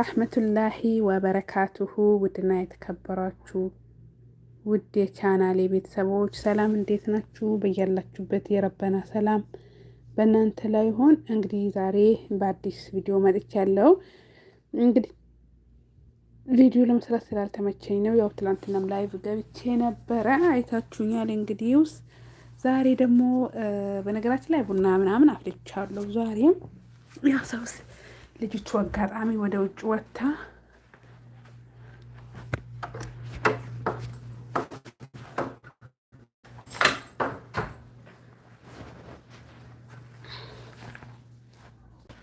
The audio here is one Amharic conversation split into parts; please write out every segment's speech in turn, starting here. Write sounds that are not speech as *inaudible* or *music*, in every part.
ረሕመቱላሂ ወበረካቱሁ ውድና የተከበራችሁ ውድ የቻናሌ ቤተሰቦች ሰላም እንዴት ናችሁ? በያላችሁበት የረበና ሰላም በእናንተ ላይ ይሆን። እንግዲህ ዛሬ በአዲስ ቪዲዮ መጥቻለሁ። እንግዲህ ቪዲዮ ለመስራት ስላልተመቸኝ ነው። ያው ትላንትናም ላይቭ ገብቼ ነበረ አይታችሁኛል። እንግዲህ ውስጥ ዛሬ ደግሞ በነገራችን ላይ ቡና ምናምን አፍልቻለሁ። ዛሬም ያው ሰውስ ልጅቹ አጋጣሚ ወደ ውጭ ወጥታ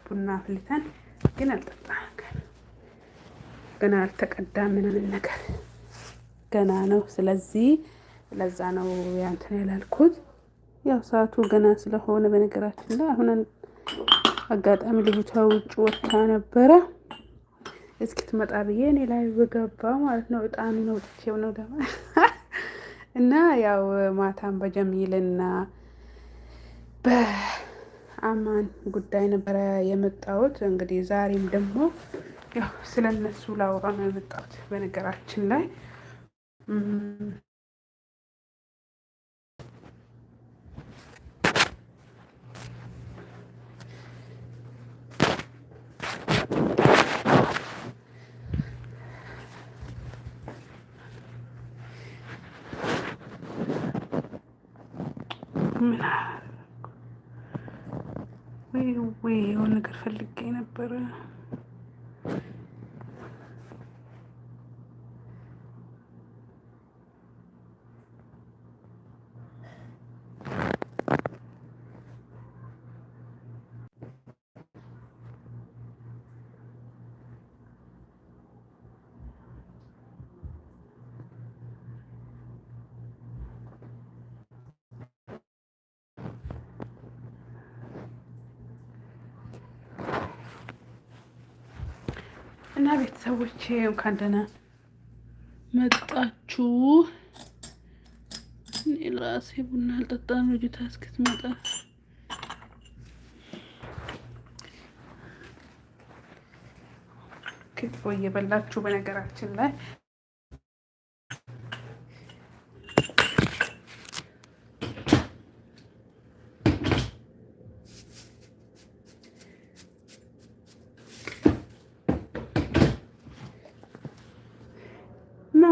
ቡና አፍልተን ግን አልጠጣ ገና አልተቀዳ ምንም ነገር ገና ነው። ስለዚህ ለዛ ነው ያንተን ያላልኩት። ያው ሰዓቱ ገና ስለሆነ በነገራችን ላይ አሁን አጋጣሚ ልጅቷ ውጭ ወጥታ ነበረ። እስኪትመጣ ብዬ እኔ ላይ በገባ ማለት ነው። እጣኑ ነው ጥቼው ነው ደግሞ *laughs* እና ያው ማታም በጀሚልና በአማን ጉዳይ ነበረ የመጣሁት። እንግዲህ ዛሬም ደግሞ ያው ስለነሱ ላውራ ነው የመጣሁት በነገራችን ላይ ምን ወይ ወይ የሆነ ነገር ፈልጌ ነበረ። ቤተሰቦቼ እንኳን ደህና መጣችሁ። እኔ ራሴ ቡና አልጠጣም ልጅቷ እስክትመጣ ክትፎ እየበላችሁ በነገራችን ላይ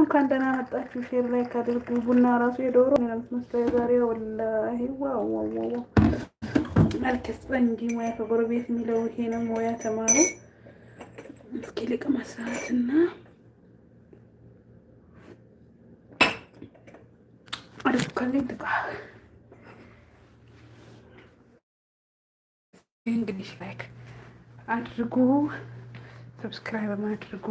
እንኳን ደህና መጣችሁ። ሼር ላይ ካድርጉ። ቡና ራሱ የዶሮ የምትመስለው የዛሬ ወላሂ ዋው ዋው መልክስ እንዲ ሙያ ከጎረቤት የሚለው ይሄ ነው። ሙያ ተማሩ። እስኪ ልቅ መስራት መስራትና አድርካልኝ ጥቃ እንግዲህ ላይክ አድርጉ፣ ሰብስክራይብ አድርጉ።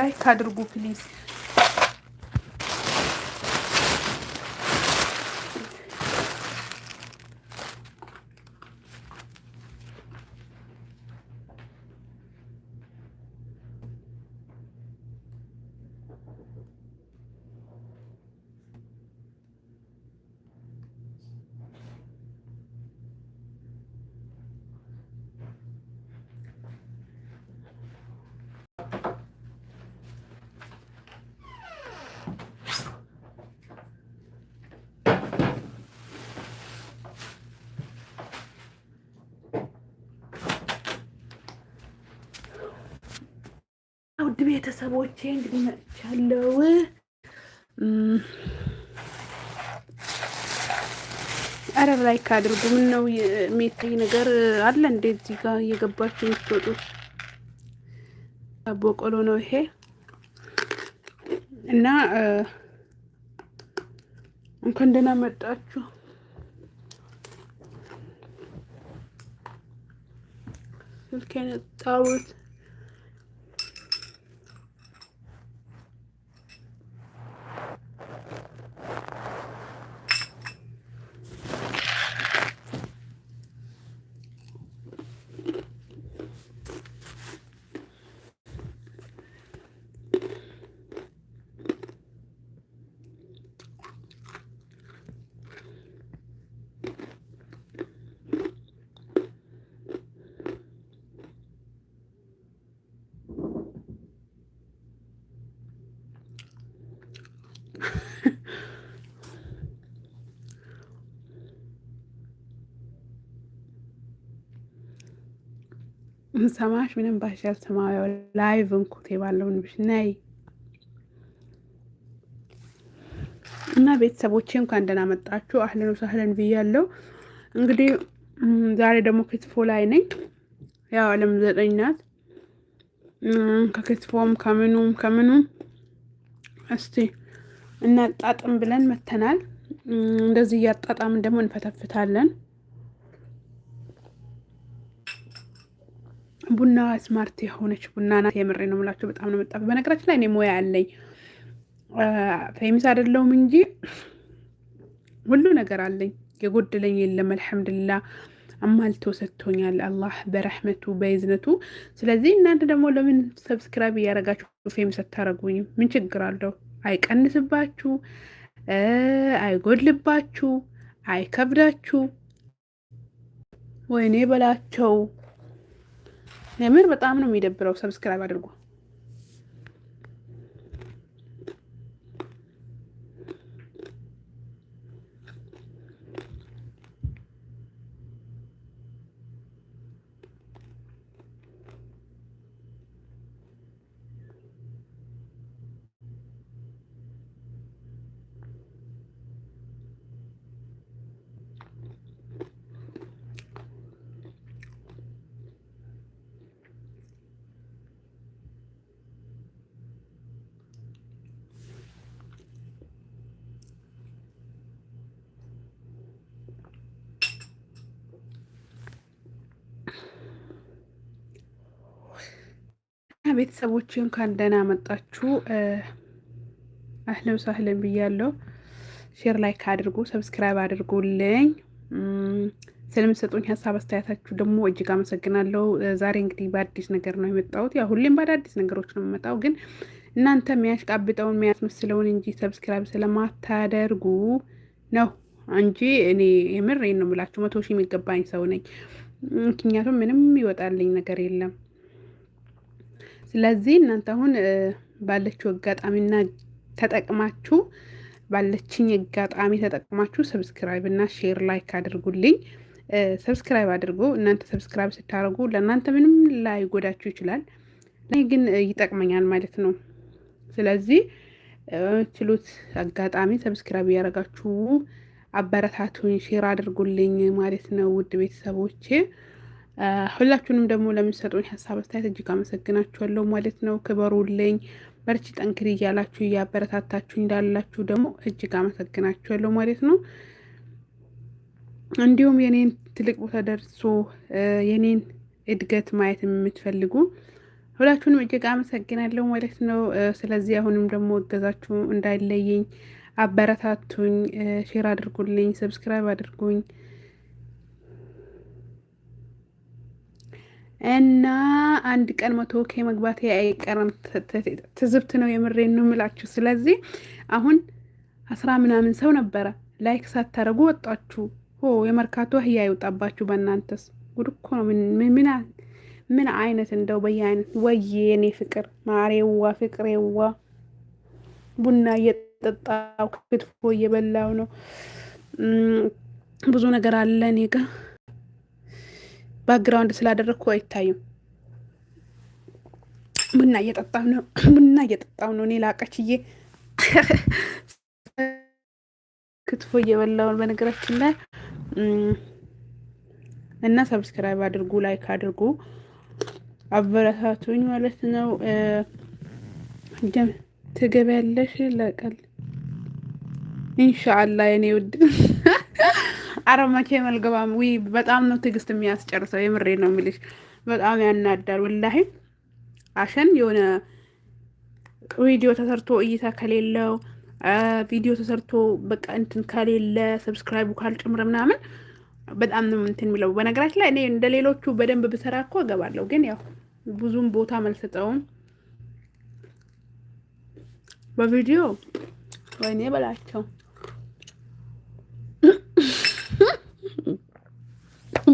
ላይክ አድርጉ ፕሊዝ። ቤተሰቦቼ እንግዲህ መጥቻለሁ። አረብ ላይክ አድርጉ። ምን ነው የሚታይ ነገር አለ እንዴ? እዚህ ጋር እየገባችሁ የምትወጡት ቦቆሎ ነው ይሄ እና እንኳን ደህና መጣችሁ። ስልኬን ጣውት ሰማሽ? ምንም ባሻል ሰማያዊ ላይቭ እንኩቴ ባለውን ብሽ ነይ እና ቤተሰቦቼ እንኳን ደህና መጣችሁ። አህለን ወሰህለን ብያለሁ። እንግዲህ ዛሬ ደግሞ ክትፎ ላይ ነኝ። ያው አለም ዘጠኝ ናት። ከክትፎም ከምኑም ከምኑም እስቲ እናጣጥም ብለን መተናል። እንደዚህ እያጣጣምን ደግሞ እንፈተፍታለን። ቡና ስማርት የሆነች ቡና ናት። የምሬ ነው የምላችሁ፣ በጣም ነው የምጣፈው። በነገራችን ላይ እኔ ሞያ ያለኝ ፌሚስ አይደለሁም እንጂ ሁሉ ነገር አለኝ፣ የጎደለኝ የለም። አልሐምድላ አማልቶ ሰጥቶኛል አላህ በረህመቱ በይዝነቱ። ስለዚህ እናንተ ደግሞ ለምን ሰብስክራይብ እያደረጋችሁ ፌሚስ አታረጉኝም? ምን ችግር አለው? አይቀንስባችሁ፣ አይጎድልባችሁ፣ አይከብዳችሁ። ወይኔ በላቸው የምር በጣም ነው የሚደብረው። ሰብስክራይብ አድርጉ። ቤተሰቦች እንኳን ደህና መጣችሁ። አህለም ሳህለም ብያለሁ። ሼር ላይክ አድርጉ፣ ሰብስክራይብ አድርጉልኝ። ስለምሰጡኝ ሀሳብ አስተያየታችሁ ደግሞ እጅግ አመሰግናለሁ። ዛሬ እንግዲህ በአዲስ ነገር ነው የመጣሁት። ያው ሁሌም በአዳዲስ ነገሮች ነው የምመጣው፣ ግን እናንተ የሚያሽቃብጠውን የሚያስመስለውን እንጂ ሰብስክራይብ ስለማታደርጉ ነው እንጂ እኔ የምሬን ነው የምላችሁ፣ መቶ ሺህ የሚገባኝ ሰው ነኝ። ምክንያቱም ምንም ይወጣልኝ ነገር የለም ስለዚህ እናንተ አሁን ባለችው አጋጣሚና ተጠቅማችሁ ባለችኝ አጋጣሚ ተጠቅማችሁ ሰብስክራይብ እና ሼር ላይክ አድርጉልኝ። ሰብስክራይብ አድርጉ። እናንተ ሰብስክራይብ ስታደርጉ ለእናንተ ምንም ላይጎዳችሁ ይችላል፣ እኔ ግን ይጠቅመኛል ማለት ነው። ስለዚህ ችሉት አጋጣሚ ሰብስክራይብ እያደረጋችሁ አበረታቱኝ፣ ሼር አድርጉልኝ ማለት ነው ውድ ቤተሰቦቼ። ሁላችሁንም ደግሞ ለምትሰጡኝ ሀሳብ አስተያየት እጅግ አመሰግናችኋለሁ ማለት ነው። ክበሩልኝ፣ በርቺ፣ ጠንክሪ እያላችሁ እያበረታታችሁ እንዳላችሁ ደግሞ እጅግ አመሰግናችኋለሁ ማለት ነው። እንዲሁም የኔን ትልቅ ቦታ ደርሶ የኔን እድገት ማየት የምትፈልጉ ሁላችሁንም እጅግ አመሰግናለሁ ማለት ነው። ስለዚህ አሁንም ደግሞ እገዛችሁ እንዳይለየኝ፣ አበረታቱኝ፣ ሼር አድርጉልኝ፣ ሰብስክራይብ አድርጉኝ። እና አንድ ቀን መቶ ኬ መግባት አይቀርም። ትዝብት ነው፣ የምሬን ነው የምላችሁ። ስለዚህ አሁን አስራ ምናምን ሰው ነበረ ላይክ ሳታደረጉ ወጣችሁ። ሆ የመርካቶ አህያ ይውጣባችሁ። በእናንተስ ጉድ እኮ ነው። ምን አይነት እንደው አይነት ወይ የኔ ፍቅር ማሬዋ፣ ፍቅሬዋ ቡና እየጠጣው ክትፎ እየበላው ነው። ብዙ ነገር አለ እኔ ባግራውንድ ስላደረግኩ አይታዩም። ቡና እየጠጣሁ ነው። *clears throat* ቡና እየጠጣሁ ነው። እኔ ላቀችዬ *clears throat* ክትፎ እየበላውን በነገራችን ላይ እና ሰብስክራይብ አድርጉ፣ ላይክ አድርጉ፣ አበረታቱኝ ማለት ነው። ትገበያለሽ ለቀል ኢንሻአላህ የኔ ውድ አረ መቼም አልገባም። ውይ በጣም ነው ትዕግስት የሚያስጨርሰው። የምሬ ነው የሚልሽ በጣም ያናዳል። ወላሂ አሸን የሆነ ቪዲዮ ተሰርቶ እይታ ከሌለው ቪዲዮ ተሰርቶ በቃ እንትን ከሌለ ሰብስክራይቡ ካልጨምረ ምናምን በጣም ነው እንትን የሚለው። በነገራችን ላይ እኔ እንደ ሌሎቹ በደንብ ብሰራ እኮ እገባለሁ፣ ግን ያው ብዙም ቦታ መልሰጠውም በቪዲዮ ወይኔ በላቸው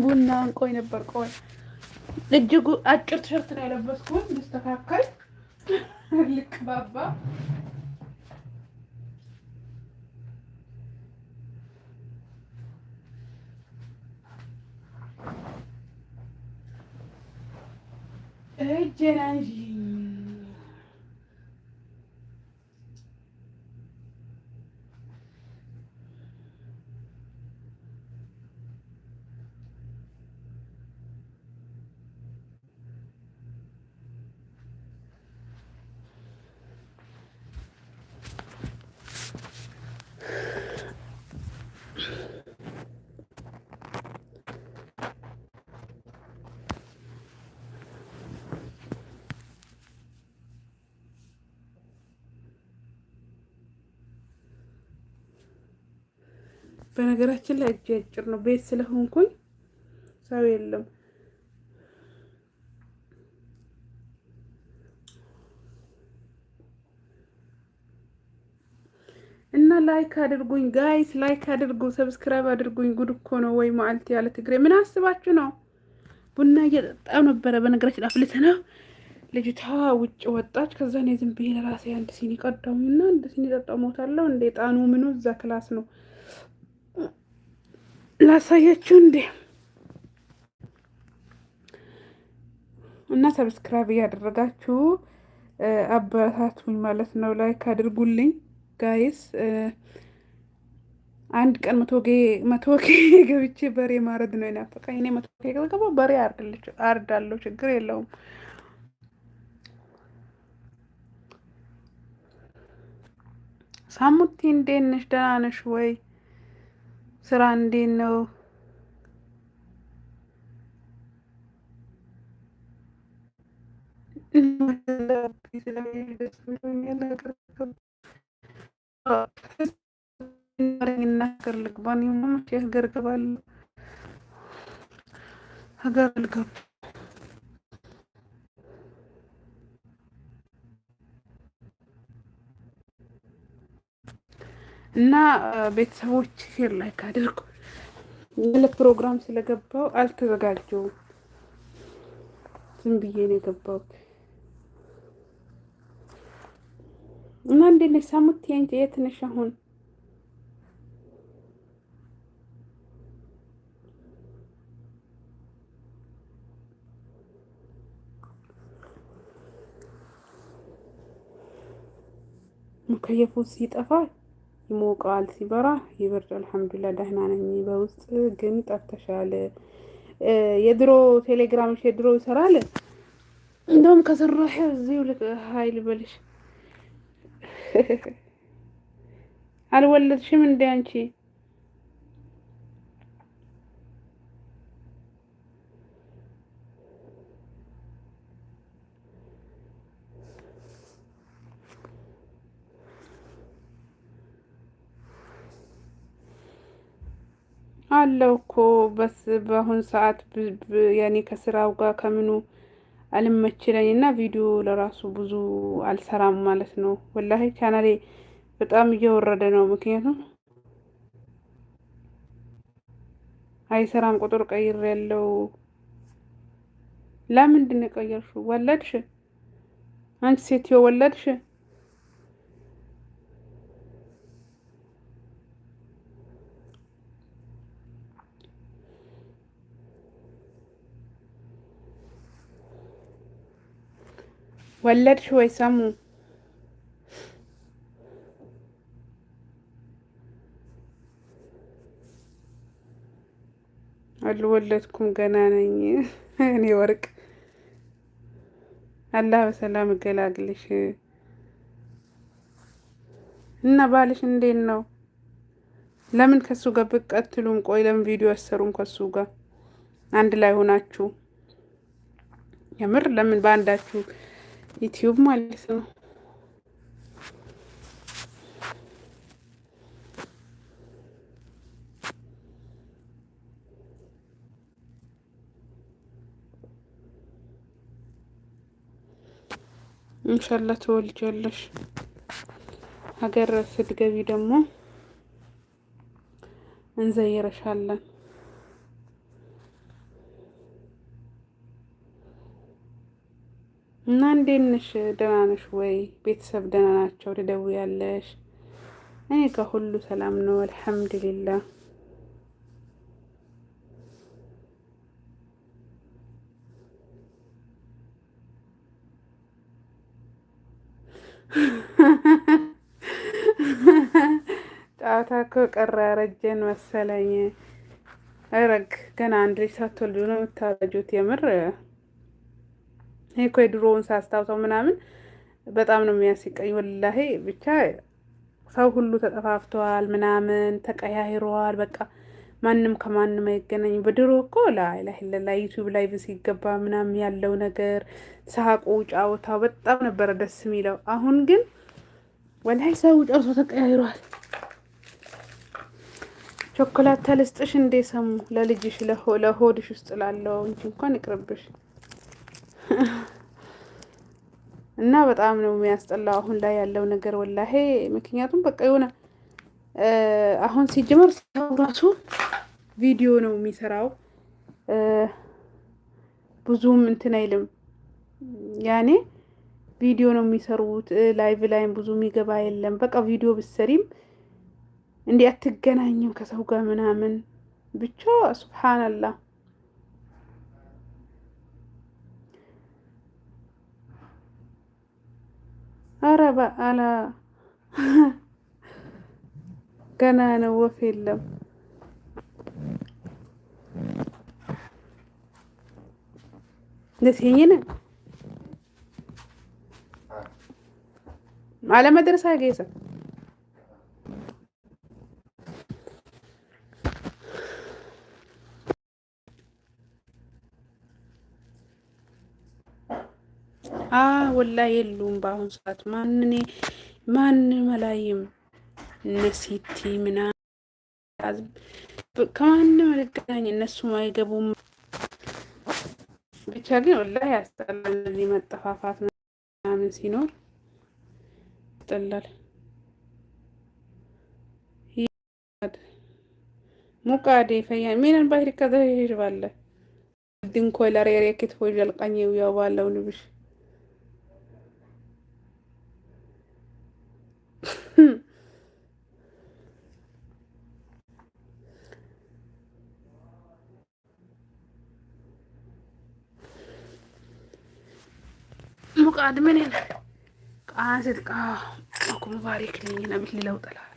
ቡና እንቆይ ነበር። ቆይ እጅጉ አጭር ቲሸርት ነው የለበስኩት። ልስተካከል፣ *laughs* ባባ እጄን አንዢ በነገራችን ላይ እጅ አጭር ነው። ቤት ስለሆንኩኝ ሰው የለም። እና ላይክ አድርጉኝ ጋይስ፣ ላይክ አድርጉ፣ ሰብስክራይብ አድርጉኝ። ጉድ እኮ ነው ወይ ማልት ያለ ትግሬ። ምን አስባችሁ ነው? ቡና እየጠጣ ነበረ። በነገራችን አፍልተና ልጅቷ ውጭ ወጣች። ከዛ እኔ ዝም ብዬ ለራሴ አንድ ሲኒ ቀዳሁኝና አንድ ሲኒ ጠጣሁ። ሞታለሁ እንደ ጣኑ ምኑ እዛ ክላስ ነው ላሳያችሁ እንዴ እና ሰብስክራይብ እያደረጋችሁ አበረታቱኝ ማለት ነው። ላይክ አድርጉልኝ ጋይስ። አንድ ቀን መቶ ኬ ገብቼ በሬ ማረድ ነው የናፈቀኝ። እኔ መቶ ኬ ገብገባ በሬ አርዳለሁ፣ ችግር የለውም። ሳሙቲ እንዴት ነሽ? ደህና ነሽ ወይ? ስራ እንዴት ነው? ሀገር ልገባ እና ቤተሰቦች ሼር ላይክ አድርጉ። ለፕሮግራም ስለገባው አልተዘጋጀውም፣ ዝም ብዬ ነው የገባሁት። እና እንዴት ነሽ ሳሙት? የት ነሽ አሁን? ሙከየፉ ሲጠፋ ይሞቀዋል፣ ሲበራ ይበርድ። አልሐምዱላ ደህና ነኝ። በውስጥ ግን ጠፍተሻል። የድሮ ቴሌግራምሽ የድሮ ይሰራል። እንደውም ከሰራሽ እዚሁ ሀይል በልሽ አልወለድሽም እንደ አንቺ አለው እኮ በስ በአሁን ሰዓት ያኔ ከስራው ጋር ከምኑ አልመችለኝ እና ቪዲዮ ለራሱ ብዙ አልሰራም ማለት ነው። ወላሂ ቻናሌ በጣም እየወረደ ነው። ምክንያቱም አይሰራም። ቁጥር ቀይር ያለው ለምንድን ነው የቀየርሽው? ወለድሽ? አንቺ ሴትዮ ወለድሽ? ወለድሽ ወይ ሰሙ አልወለድኩም ገና ነኝ። እኔ ወርቅ አላህ በሰላም እገላግልሽ። እና ባልሽ እንዴት ነው? ለምን ከሱ ጋር ብትቀጥሉም? ቆይ ለምን ቪዲዮ አሰሩም ከሱ ጋር አንድ ላይ ሆናችሁ? የምር ለምን በአንዳችሁ ዩቲዩብ ማለት ነው። እንሻላ ትወልጃለሽ። ሀገር ስትገቢ ደግሞ እንዘይረሻለን። እና እንዴት ነሽ? ደህና ነሽ ወይ? ቤተሰብ ደህና ናቸው? ያለሽ? እኔ ጋር ሁሉ ሰላም ነው አልሐምዱሊላህ። ጨዋታ እኮ ቀረ ረጀን መሰለኝ። ረግ ገና አንድ ልጅ ሳትወልዱ ነው የምታረጁት የምር እኮ የድሮውን ሳስታውሰው ምናምን በጣም ነው የሚያስቀኝ። ወላሄ ብቻ ሰው ሁሉ ተጠፋፍተዋል፣ ምናምን ተቀያይረዋል። በቃ ማንም ከማንም አይገናኝ። በድሮ እኮ ላይላህ ለላ ዩቲዩብ ላይቭ ሲገባ ምናምን ያለው ነገር ሳቁ፣ ጫወታው በጣም ነበረ ደስ የሚለው። አሁን ግን ወላይ ሰው ጨርሶ ተቀያይሯል። ቾኮላት ተልስጥሽ እንዴ ሰሙ ለልጅሽ ለሆድሽ ውስጥ ላለው እንጂ እንኳን ይቅርብሽ። እና በጣም ነው የሚያስጠላው አሁን ላይ ያለው ነገር ወላሄ። ምክንያቱም በቃ የሆነ አሁን ሲጀመር ሰው ራሱ ቪዲዮ ነው የሚሰራው ብዙም እንትን አይልም። ያኔ ቪዲዮ ነው የሚሰሩት። ላይቭ ላይም ብዙ የሚገባ የለም። በቃ ቪዲዮ ብትሰሪም እንዲህ አትገናኝም ከሰው ጋር ምናምን ብቻ ሱብሃነላህ ኧረ በአላ ገና ነው። ወፍ የለም። ነሲይነ አለመድረሳ ጌሰ አ ወላ የሉም። በአሁን ሰዓት ማንኔ ማን መላይም ነሲቲ ምና ከማንም ልገናኝ እነሱ አይገቡም። ብቻ ግን ወላ ያስጠላል። እነዚህ መጠፋፋት ምናምን ሲኖር ይጠላል። ሙቃዴ ፈያ ሜናን ባህሪ ከዘ ባለ ድንኮይ ለሬሬ ክትፎ ጀልቃኝ ያው ባለው ንብሽ ቃድ ምን ቃ ሴት ቃ አኩ ባሪክ ልኝ ነብት ሊለውጠላል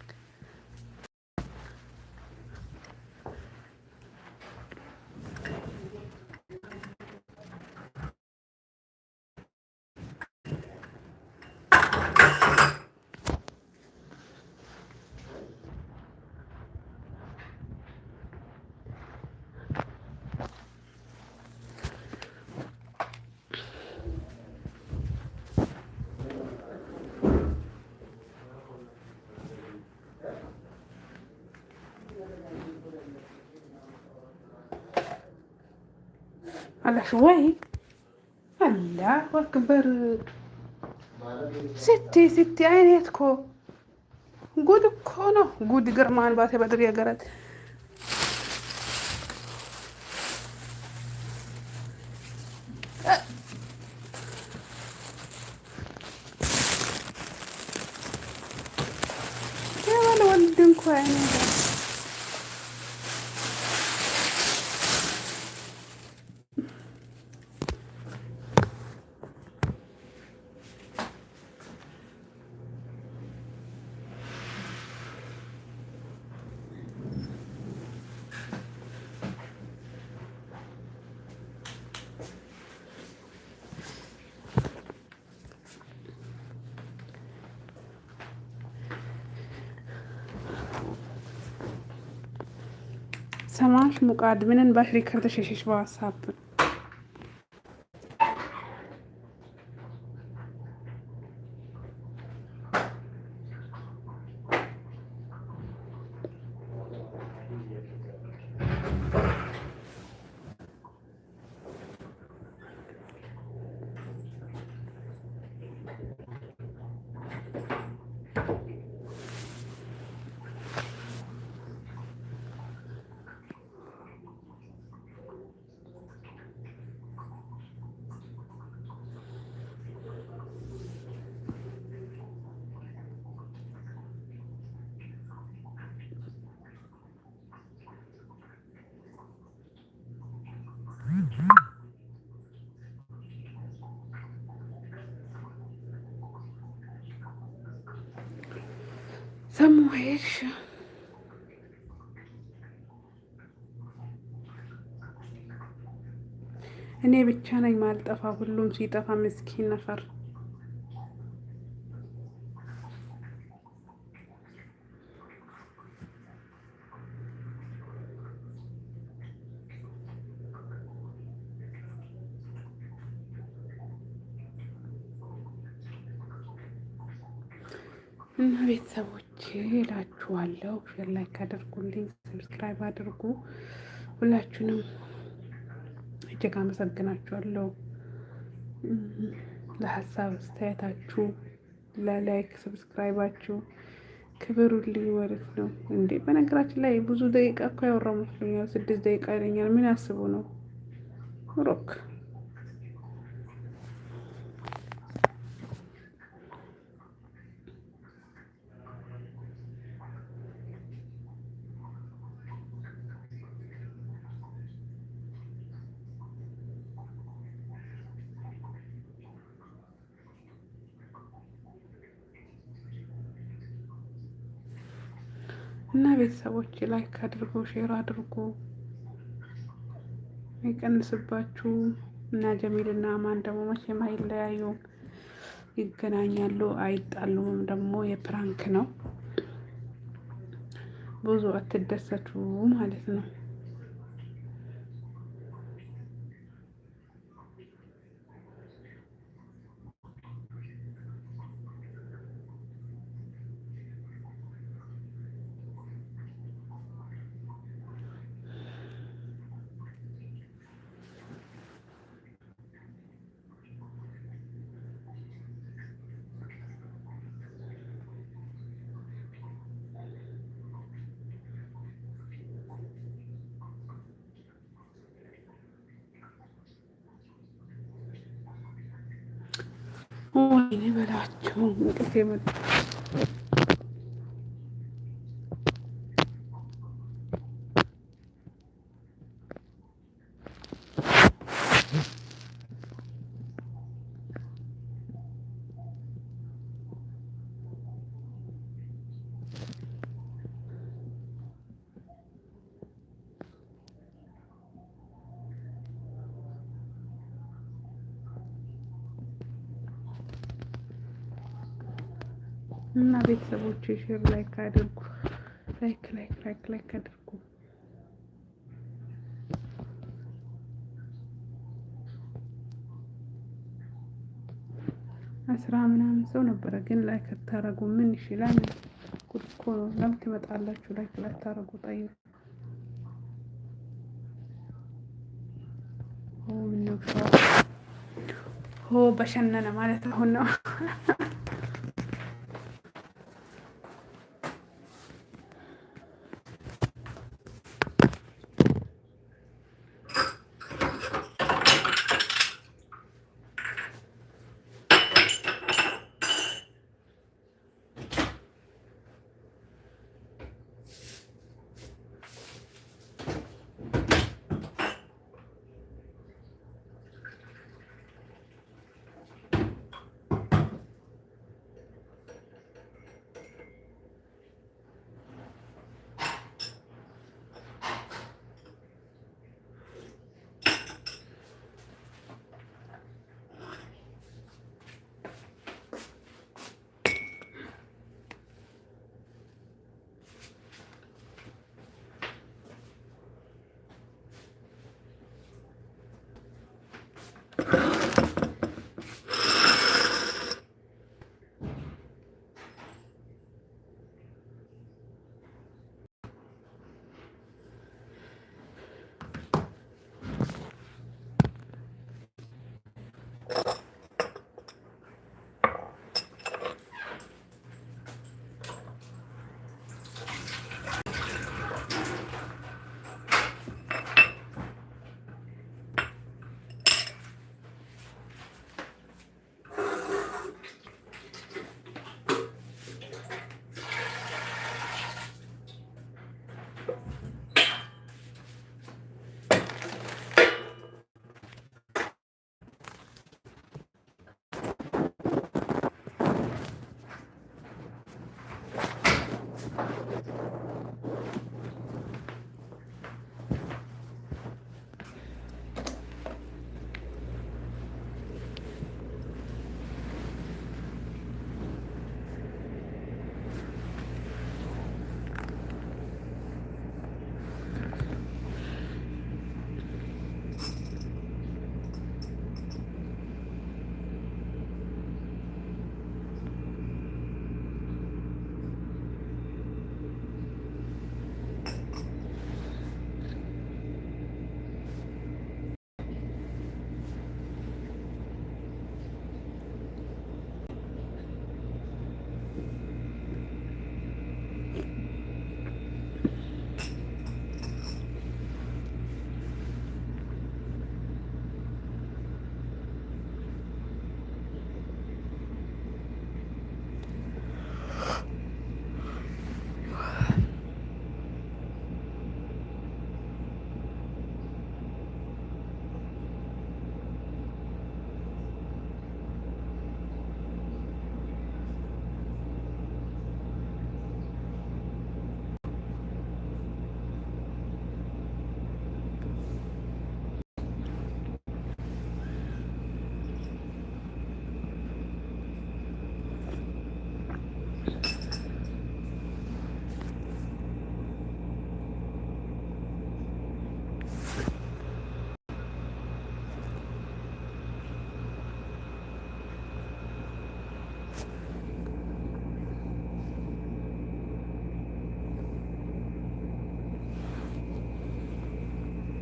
ወይ አላሁ አክበር ስቲ ስቲ አይኔ እኮ ጉድ እኮ ነው። ጉድ ግርማን ባቴ በድር ሙቃድ ምንን ባሽሪ ከርተሸሸሽ በዋሳብ ሰሙሄሽ እኔ ብቻ ነኝ ማልጠፋ፣ ሁሉም ሲጠፋ ምስኪን ነፈር አለው። ሼር ላይክ አድርጉልኝ፣ ሰብስክራይብ አድርጉ። ሁላችሁንም እጅግ አመሰግናችኋለሁ። ለሀሳብ አስተያየታችሁ፣ ለላይክ ሰብስክራይባችሁ ክብሩልኝ ማለት ነው እንዴ። በነገራችን ላይ ብዙ ደቂቃ እኮ ያወራ መስሎኛል። ስድስት ደቂቃ ይለኛል። ምን አስቡ ነው ሮክ ቤተሰቦች ላይክ አድርጉ፣ ሼር አድርጉ። ይቀንስባችሁ እና ጀሚልና አማን ደግሞ መቼም አይለያዩም፣ ይገናኛሉ፣ አይጣሉም። ደግሞ የፕራንክ ነው። ብዙ አትደሰቱ ማለት ነው። ወይኔ በላቸው እንቅልፍ የመጣ እና ቤተሰቦች ሼር ላይክ አድርጉ። ላይክ ላይክ ላይክ ላይክ አድርጉ። አስራ ምናምን ሰው ነበረ፣ ግን ላይክ አታረጉ። ምን ይችላል? ጉድ እኮ ነው። ለምን ትመጣላችሁ? ላይክ ላታረጉ ጠይቁ። ሆ ምነው ሆ በሸነነ ማለት አሁን ነው።